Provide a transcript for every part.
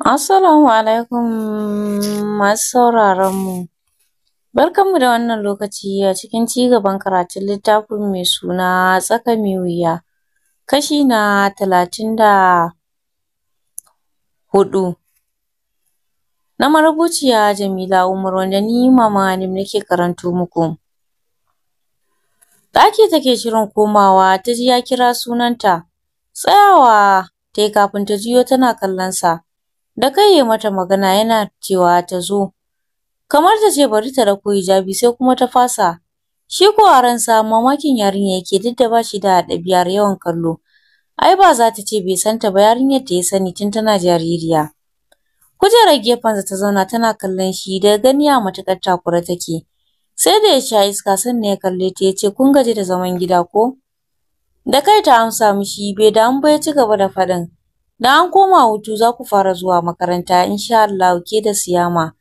Assalamu alaikum masu sauraron mu. Barkanmu da wannan lokaci a cikin cigaban karatun littafin mai suna tsaka mai wuya kashi na talatin da huɗu na marubuciya Jamila Umar wanda ni Mama Hanum nake karanto muku. Ɗaki take shirin komawa ta ji ya kira sunanta, tsayawa ta yi kafin ta juyo tana kallon sa. da kai yi mata magana yana cewa ta zo kamar ta ce bari ta ɗauko hijabi sai kuma ta fasa shi ko a ransa mamakin yarinya yake duk da ba shi da ɗabi'ar yawan kallo ai ba za ta ce bai san ta ba yarinyar ta ya sani tun tana jaririya kujerar gefensa ta zauna tana kallon shi da gani a matuƙar takura take sai da ya sha iska sannan ya kalle ta ya ce kun gaji da zaman gida ko da kai ta amsa mishi bai damu ba ya ci gaba da faɗin da an koma hutu za ku fara zuwa makaranta insha Allah ke da Siyama.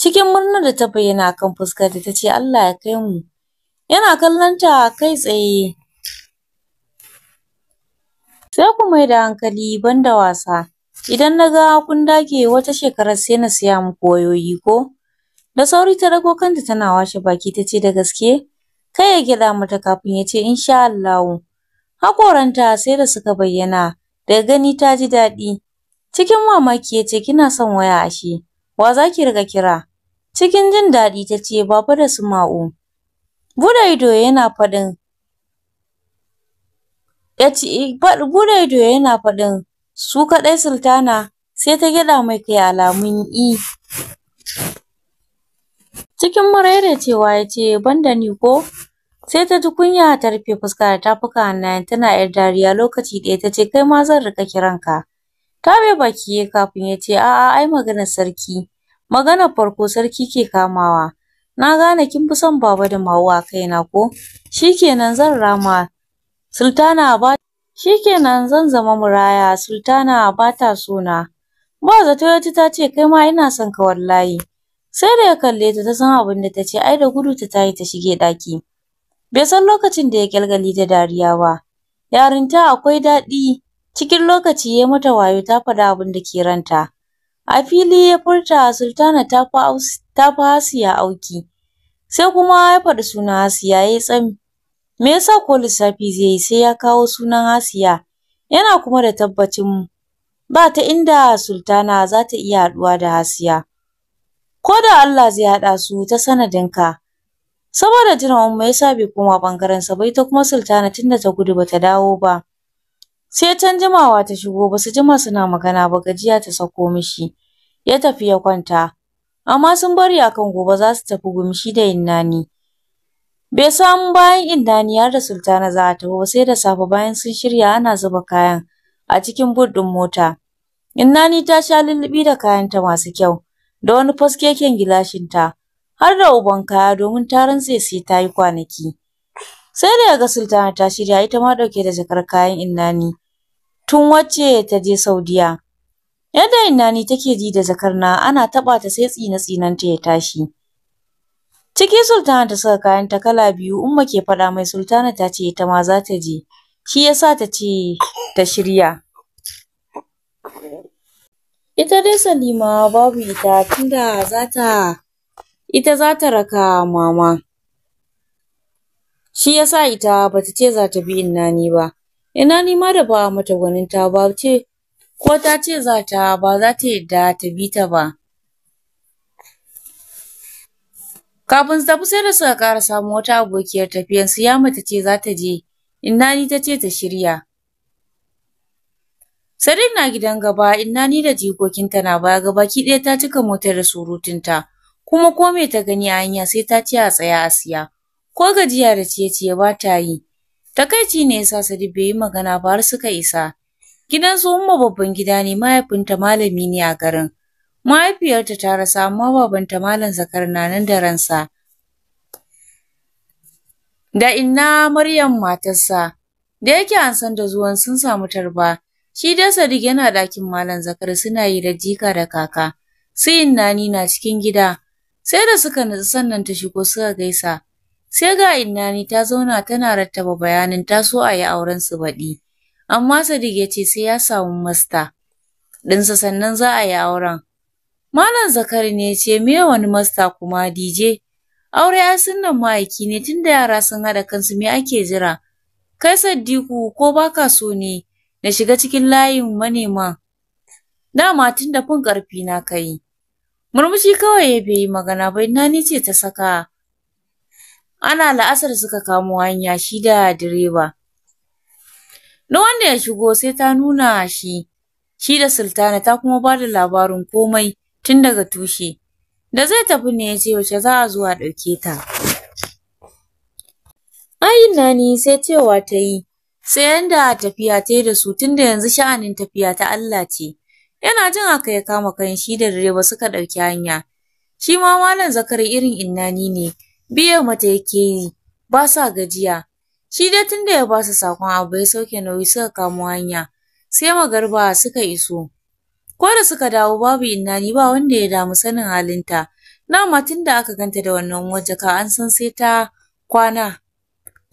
Cikin murnar da ta bayyana kan fuskar ta tace Allah ya kai mu. Yana kallon kai tsaye. Sai ku mai da hankali banda wasa. Idan na ga kun dage wata shekarar sai na siya muku wayoyi ko? Da sauri ta dago kanta tana washe baki ta ce da gaske? Kai ya gyaɗa mata kafin ya ce insha Allah Hakoranta sai da suka bayyana. Daga gani ta ji daɗi. Cikin mamaki ya ce, kina son waya ashe, wa za ki riƙa kira? Cikin jin daɗi ta ce, baba da su ma'u. Buɗe ido yana faɗin, ya ce, ido yana faɗin, su kaɗai sultana, sai ta gyaɗa mai kai alamun i. Cikin cewa ya ce, ban da ni ko? Sai ta ji kunya ta rufe fuska da tafuka hannayen tana ‘yar dariya lokaci ɗaya ta ce kai ma zan rika kiranka. Ta bai baki ya kafin ya ce a'a ai maganar sarki, maganar farko sarki ke kamawa. Na gane kin fi son baba da Mawu a kaina ko? Shikenan zan rama. Sultana ba shikenan zan zama muraya sultana ba ta na. Ba zato ya ji ta ce kai ma ina son ka wallahi. Sai da ya kalle ta ta san abin da ta ce ai da gudu ta tayi ta shige ɗaki. Bai san lokacin da ya kyalkyale da dariya ba. Yarinta akwai daɗi. Cikin lokaci ya mata wayo ta faɗi abin da ke ranta. A fili ya furta Sultana ta fi Hasiya auki. Sai kuma ya faɗi sunan Hasiya ya yi tsami. Me yasa ko lissafi zai yi sai ya kawo sunan Hasiya? Yana kuma da tabbacin ba ta inda Sultana za ta iya haɗuwa da Hasiya. Ko da Allah zai haɗa su ta sanadinka, saboda jiran umma yasa bai koma ɓangarensa bai ta kuma sultana tunda ta gudu bata dawo ba sai can jimawa ta shigo basu jima suna magana ba gajiya ta sako mishi ya tafi ya kwanta amma sun bari a kan gobe za su tafi gumshi da innani bai samu bayan innani har da sultana za ta ba sai da safe bayan sun shirya ana zuba kayan a cikin but mota innani ta sha lulluɓi da kayanta masu kyau da wani gilashin ta. har da uban kaya domin taron zai sai ta yi kwanaki. Sai da ya ga Sultana ta shirya ita ma ɗauke da jakar kayan Innani tun wacce ta je Saudiya. Yadda Innani take ji da jakar na ana taɓa ta sai tsine-tsinenta ya tashi. Ciki Sultana ta saka kayan ta kala biyu Umma ke faɗa mai Sultana ta ce ita ma za ta je, shi ya sa ta ce ta shirya. Ita dai Salima babu ita tunda za ta ita za ta raka mama. Shi ya sa ita ba ta ce za ta bi ni ba. Innani ma da ba mata gwaninta ba ce ko ta ce za ta ba za ta yadda ta bi ta ba. Kafin su tafi sai da suka ƙara samu wata abokiyar tafiyan su ya mata ce za ta je, ni ta ce ta shirya. Sarin na gidan gaba, ni da jikokinta na baya gabaki ɗaya ta cika motar da surutunta. kuma ko me ta gani a hanya sai ta ce a tsaya a siya, ko gajiya da ciye-ciye ba ta yi. Takaici ne ya sa Sadiq bai yi magana ba har suka isa. Gidan su Umma babban gida ne mahaifinta malami ne a garin. Mahaifiyarta ta rasa amma babanta malam zakar na nan da ransa. Da inna Maryam matarsa, da yake an san da zuwan sun samu tarba, shi da Sadiq yana ɗakin malam zakar suna yi da jika da kaka. Su inna ni na cikin gida. Sai da suka nutsu sannan ta shigo suka gaisa. Sai ga Innani ta zauna tana rattaba bayanin ta so a yi auren su baɗi. Amma Sadiq ya ce sai ya samu masta ɗinsa sannan za a yi auren. Malam Zakari ne ya ce me wani masta kuma DJ? Aure ya sunan ma'aiki ne tunda yara sun haɗa kansu me ake jira? Kai Sadiku ko baka so ne na shiga cikin layin manema? Dama tunda fin ƙarfi na kai. Murmushi kawai ya bai yi magana bai na ni ce ta saka. Ana la'asar suka kamo hanya shi da direba. Na wanda ya shigo sai ta nuna shi, shi da sultana ta kuma ba da labarin komai tun daga tushe. Da zai tafi ne ya ce wace za a zo a ɗauke ta. Ayin nani sai cewa ta yi, sai yanda tafiya ta yi da su tun da yanzu sha'anin tafiya ta Allah ce. Yana jin haka ya kama kayan shi da ba suka ɗauki hanya. Shi ma Malam Zakari irin innani ne, biya mata yake yi, ba sa gajiya. Shi dai tun ya ba su sakon abu ya sauke nauyi suka kamo hanya, sai magarba suka iso. Ko da suka dawo babu innani ba wanda ya damu sanin halinta. Dama tun da aka ganta da wannan ka an san sai ta kwana.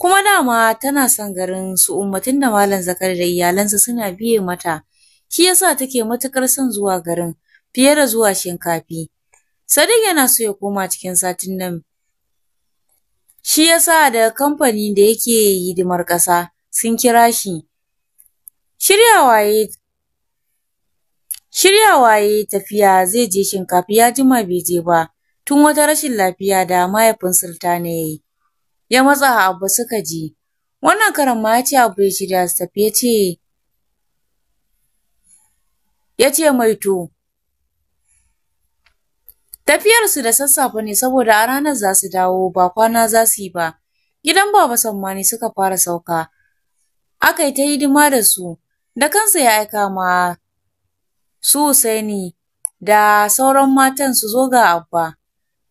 Kuma dama tana son garin su umma tun da Malam Zakari da iyalansa suna biye mata. shi yasa take matuƙar son zuwa garin fiye da zuwa Shinkafi. Sadiq yana so ya koma cikin satin nan. Shi yasa daga kamfanin da yake hidimar ƙasa sun kira shi. Shiryawa ya Shiryawa ya tafiya zai je Shinkafi ya jima bai je ba tun wata rashin lafiya da mahaifin Sultana ya yi. Ya matsa Abba suka ji. Wannan karan ma ya ce abu ya shirya su tafi ce ya ce mai to. Tafiyarsu da sassafe ne saboda a ranar za su dawo ba kwana za su yi ba. Gidan Baba Sammani suka fara sauka. Aka yi ta hidima da su, da kansa ya aika ma su Husaini da sauran matan su zo ga Abba.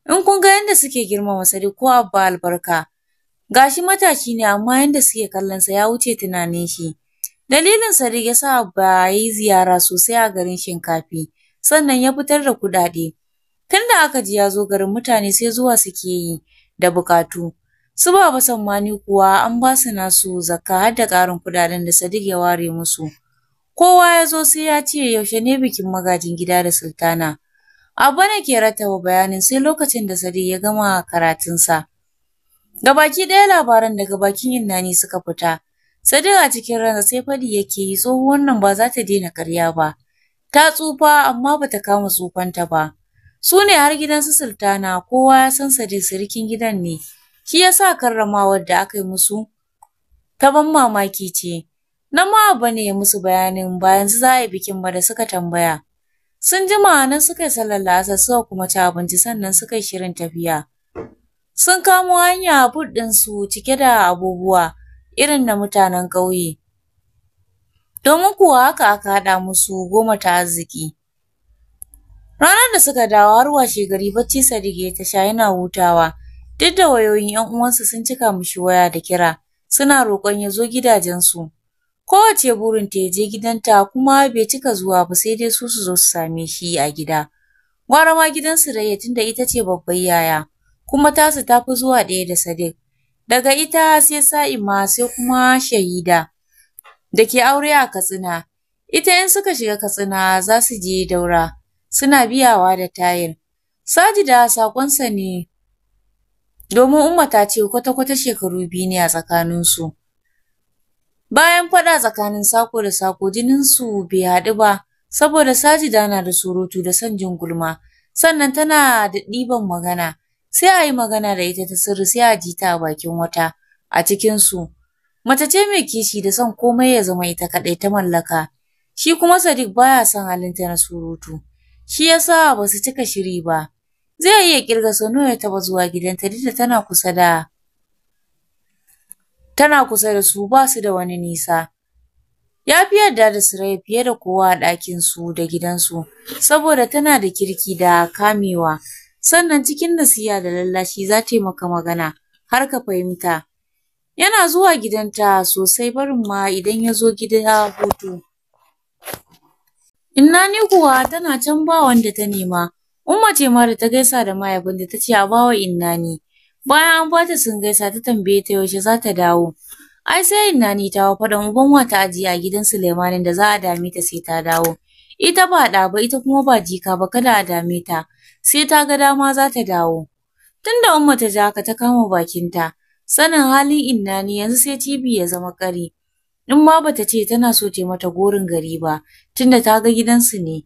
In kun ga yadda suke girmama Sadi ko Abba albarka, gashi matashi ne amma yadda suke kallonsa ya wuce tunanin shi. Dalilin Sadiq ya sa ba yi ziyara sosai a garin Shinkafi sannan ya fitar da kuɗaɗe. Tun da aka ji ya zo garin mutane sai zuwa suke yi da bukatu Su ba ba Sammani kuwa an ba su nasu zakka har da ƙarin kuɗaɗen da Sadiq ya ware musu. Kowa ya zo sai ya ce yaushe ne bikin magajin gida da sultana. Abba ne ke rattaba bayanin sai lokacin da Sadiq ya gama karatunsa. Gabaki ɗaya labaran daga bakin ne suka fita. Sadiq cikin ransa sai faɗi yake yi tsohuwar nan ba za ta daina ƙarya ba. Ta tsufa amma ba ta kama tsufanta ba. Su ne har gidan su sultana kowa ya san Sadiq sirikin gidan ne. Shi ya sa karramawar da aka yi musu ta ban mamaki ce. Na ma ba ne ya musu bayanin bayan su za a yi bikin ba da suka tambaya. Sun jima nan suka yi sallar la'asar suka kuma ci abinci sannan suka yi shirin tafiya. Sun kamo hanya bud ɗinsu cike da abubuwa. irin na mutanen ƙauye, domin kuwa haka aka haɗa musu goma ta arziki. Ranar da suka dawo har washe gari bacci Sadiq ya ta sha yana hutawa, duk da wayoyin ‘yan uwansa sun cika mishi waya da kira, suna roƙon ya zo gidajensu. Kowace burinta ya je gidanta kuma bai cika zuwa ba sai dai su su zo su same shi a gida. Gwara ma gidansu Rayya tunda ita ce babbar yaya, kuma tasu ta fi zuwa ɗaya da Sadiq, Daga ita sai Sa'ima sai kuma Shahida da ke aure a Katsina, ita in suka shiga Katsina za su je Daura, suna biyawa da tayil. Sajida saƙonsa ne domin Umma ta ce kwata-kwata shekaru biyu ne a tsakaninsu. Bayan faɗa tsakanin sako da sako jininsu bai haɗu ba saboda Sajida na da surutu da son jin gulma, sannan tana da ɗiban magana. sai a yi magana da ita ta sirri sai a ji ta a bakin wata a cikinsu. Mace ce mai kishi da son komai ya zama ita kaɗai ta mallaka, shi kuma Sadiq baya son halinta na surutu, shi ya sa ba su cika shiri ba. Zai iya kirga sau ya taɓa zuwa gidanta duk da tana kusa da tana kusa da su ba su da wani nisa. ya fi yarda da surai fiye da kowa a ɗakinsu da gidansu, saboda tana da kirki da kamewa, sannan cikin nasiha da lallashi za tai maka magana har ka fahimta. Yana zuwa gidanta sosai barin ma idan ya zo gida hutu. Inna ni kuwa tana can ba wanda ta nema. Umma ce ma da ta gaisa da mahaifinta ta ce a bawa inna ni. Bayan an bata sun gaisa ta tambaye ta yaushe za ta dawo. Ai sai inna ni ta faɗan uban ta ajiye a gidan suleimanin da za a dame ta sai ta dawo. Ita ba ɗa ba ita kuma ba jika ba kada a dame ta, sai ta ga dama za ta dawo. Tunda Umma ta ja ka ta kama bakin ta sanin halin inna ne yanzu sai TV ya zama ƙari. In ma bata ce tana so ta mata gorin gari ba, tunda ta ga gidansu ne.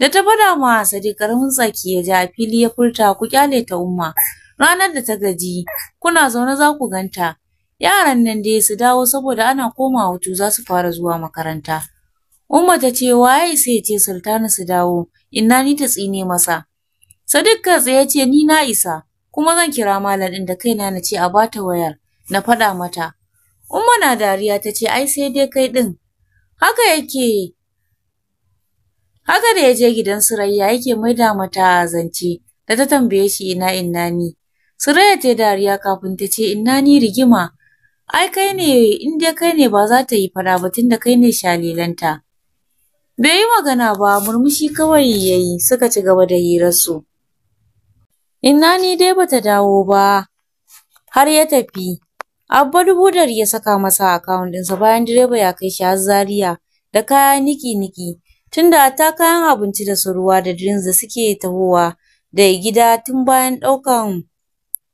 Da ta fada ma Sadiq ƙaramin tsaki ya ja a fili ya furta ku kyale ta Umma. Ranar da ta gaji, kuna zaune za ku ganta. Yaran nan dai su dawo saboda ana komawa hutu za su fara zuwa makaranta. Umma ta ce waye sai ya ce sultana su dawo, inna ni ta tsine masa. Sadiq kai tsaye ya ce ni na isa, kuma zan kira malam din da kaina na ce a bata wayar, na faɗa mata. Umma na dariya ta ce ai sai dai kai ɗin. Haka yake Haka da ya je gidan Surayya yake maida mata zance da ta tambaye shi ina inna ni. Surayya ta dariya kafin ta ce inna ni rigima. Ai kai ne in dai kai ne ba za ta yi fada ba da kai ne shalilanta. Bai yi magana ba, murmushi kawai ya yi, suka ci gaba da hirarsu. Ina ni dai bata dawo ba, har ya tafi. Abba dubu ya saka masa akawun ɗinsa bayan direba ya kai shi har Zaria da kaya niki-niki. Tunda ta kayan abinci da su ruwa da drinks da suke tahowa da gida tun bayan ɗaukan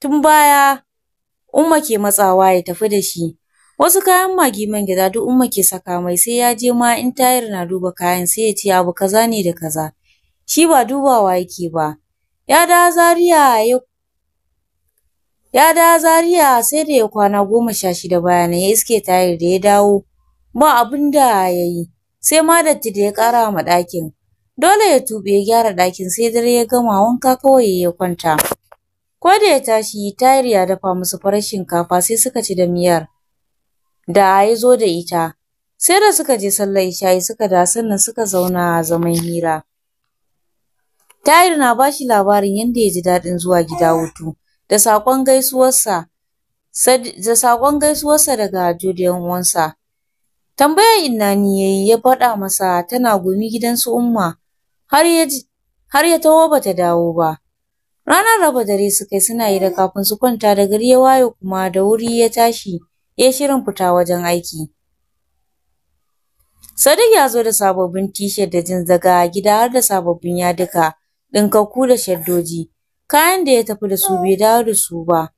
tun baya Umma ke matsawa ya tafi da shi. Wasu kayan magi man gyaɗa duk Umma ke saka mai sai ya je ma in tayar na duba kayan sai ya ce abu kaza ne da kaza, shi ba dubawa yake ba. Ya da Zaria sai da ya kwana goma sha shida baya ya iske tayar da ya dawo ba abin da ya yi, sai ma datti da ya ƙara ma ɗakin. Dole ya tube ya gyara ɗakin sai dare ya gama wanka kawai ya kwanta. Ko da ya tashi tayar ya dafa musu farar shinkafa sai suka ci da miyar. da ya zo da ita, sai da suka je sallar isha'i suka dawo sannan suka zauna a zaman hira. Tahir na bashi labarin yadda ya ji daɗin zuwa gida hutu da saƙon gaisuwarsa da saƙon gaisuwarsa daga jodiyan uwansa. Tambayar inna ya yi ya faɗa masa tana gumi gidansu Umma har ya har ya taho bata dawo ba. Ranar raba dare suka yi suna yi da kafin su kwanta da gari ya waye kuma da wuri ya tashi ya shirin fita wajen aiki. Sadiq ya zo da sababbin t-shirt da jeans daga gida har da sababbin yadika, ɗinkakku da shaddoji. Kayan da ya tafi da su bai dawo da su ba.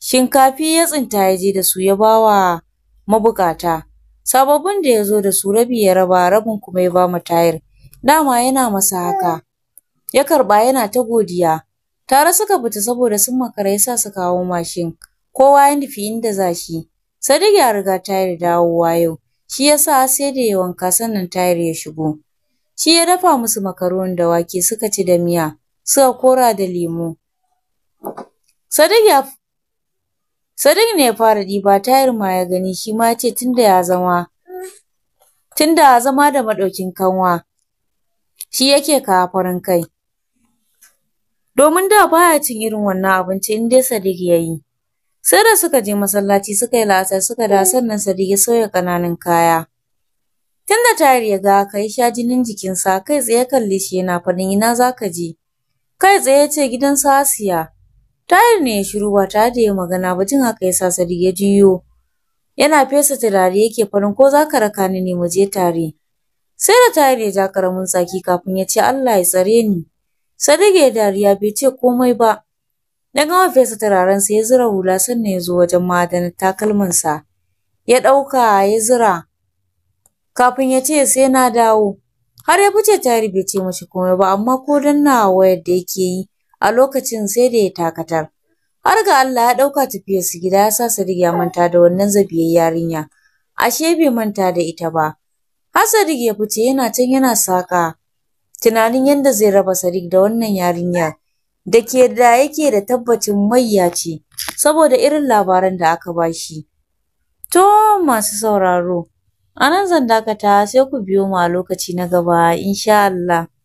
Shinkafi ya tsinta ya je da su ya bawa wa mabukata. Sababbin da ya zo da su rabi ya raba rabin kuma ya ba mu tayar. Dama yana masa haka. Ya karɓa yana ta godiya. Tare suka fita saboda sun makara ya sa su kawo mashin. Kowa ya nufi inda za shi. Sadiq ya riga Tahir dawowa yau, shi yasa sai da ya wanka sannan tayar ya shigo. Shi ya dafa musu makaroni da wake suka ci da miya, suka kora da lemo. Sadiq ya Sadiq ne ya fara ɗiba tayar ma ya gani shi ma ce tunda ya zama tunda ya zama da maɗaukin kanwa shi yake kawo farin kai. Domin da baya cin irin wannan abinci in dai Sadiq ya yi. Sai da suka je masallaci suka yi la'asar suka da sannan Sadiq ya sauya kananan kaya. Tun da ya ga ka sha jinin jikinsa kai tsaye kalle shi yana faɗin ina za ka je. Kai tsaye ce gidan su Asiya. ne ya shiru ba tare da magana ba jin haka ya sa Sadiq ya jiyo. Yana fesa turare yake farin ko za ka raka ni ne mu je tare. Sai da tayar ya ja ƙaramin tsaki kafin ya ce Allah ya tsare ni. Sadiq ya dariya bai ce komai ba. Na gama fesa sa, ya zura hula sannan ya zo wajen ma'adanar sa. ya ɗauka ya zura kafin ya ce sai na dawo. Har ya fice ta bai ce mashi komai ba amma ko danna wayar da yake yi a lokacin sai da ya takatar. Har ga Allah ya ɗauka tafiyarsu gida ya sa Sadiq ya manta da wannan zabiyar yarinya. Ashe bai manta da ita ba. Har Sadiq ya fice yana can yana saƙa tunanin yadda zai raba Sadiq da wannan yarinyar. da yake da tabbacin mayya ce saboda irin labaran da aka bashi. To masu sauraro, anan zan dakata sai ku biyo mu a lokaci na gaba insha Allah.